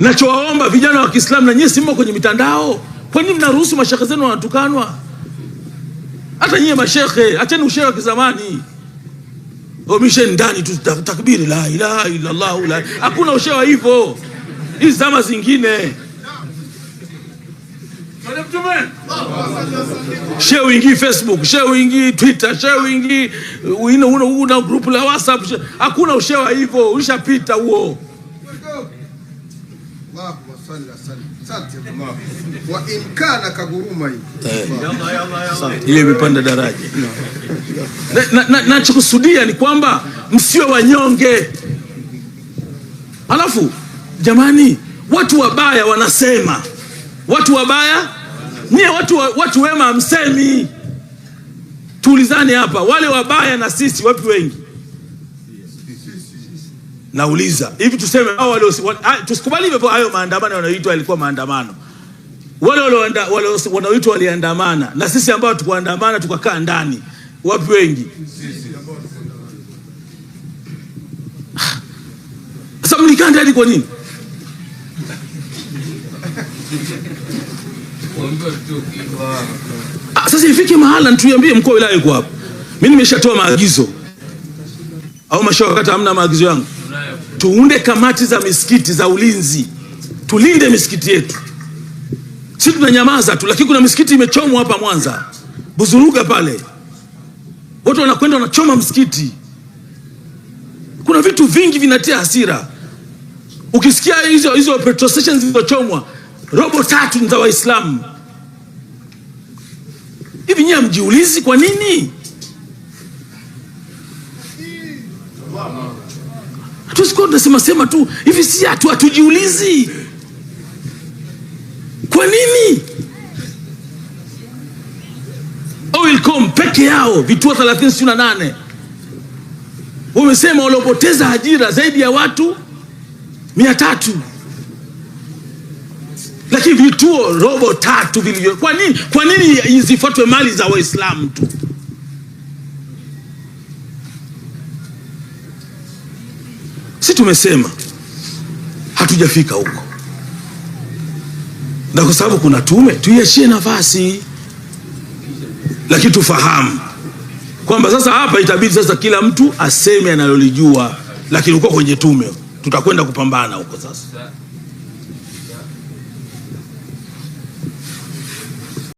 Nachowaomba vijana wa Kiislamu, na nyie simo kwenye mitandao? Kwa nini mnaruhusu mashehe zenu wanatukanwa? Hata nyie mashehe, acheni ushehe wa kizamani, omishe ndani tu takbiri, la ilaha illa Allah. Hakuna ushehe wa hivyo, hizi zama zingine. Shehe wingi Facebook, shehe wingi Twitter, shehe wingi uh, una, grupu la WhatsApp. Hakuna ushewa wa hivyo, ulishapita huo. Eh. ile imepanda daraja. Nachokusudia ni kwamba msiwe wanyonge. Alafu jamani, watu wabaya wanasema, watu wabaya nie, watu, watu wema hamsemi. Tuulizane hapa, wale wabaya na sisi, wapi wengi? Nauliza hivi, tuseme hao wale, ah, tusikubali hivyo. Hayo maandamano yanayoitwa yalikuwa maandamano, wale wale wanaoitwa waliandamana, na sisi ambao tukuandamana tukakaa ndani, wapi wengi? Sasa mlikaa ndani kwa nini? Ah, sasa ifike mahala ntuiambie mkuu wa wilaya yuko hapa. Mimi nimeshatoa maagizo, au mashawakata hamna maagizo yangu tuunde kamati za misikiti za ulinzi, tulinde misikiti yetu. Si tunanyamaza tu, lakini kuna misikiti imechomwa hapa Mwanza, Buzuruga pale, watu wanakwenda wanachoma msikiti. Kuna vitu vingi vinatia hasira. Ukisikia hizo hizo petrol stations zilizochomwa, robo tatu ni za Waislamu. Hivi nyinyi hamjiulizi kwa nini? Hatusikua tunasema tu hivi, si hatu hatujiulizi kwa nini Oilcom peke yao vituo 38 wamesema waliopoteza ajira zaidi ya watu mia tatu, lakini vituo robo tatu vilivyo. Kwa nini kwa nini zifuatwe mali za Waislamu tu? si tumesema hatujafika huko, na kwa sababu kuna tume, tuiachie nafasi, lakini tufahamu kwamba sasa hapa itabidi sasa kila mtu aseme analolijua, lakini uko kwenye tume, tutakwenda kupambana huko sasa.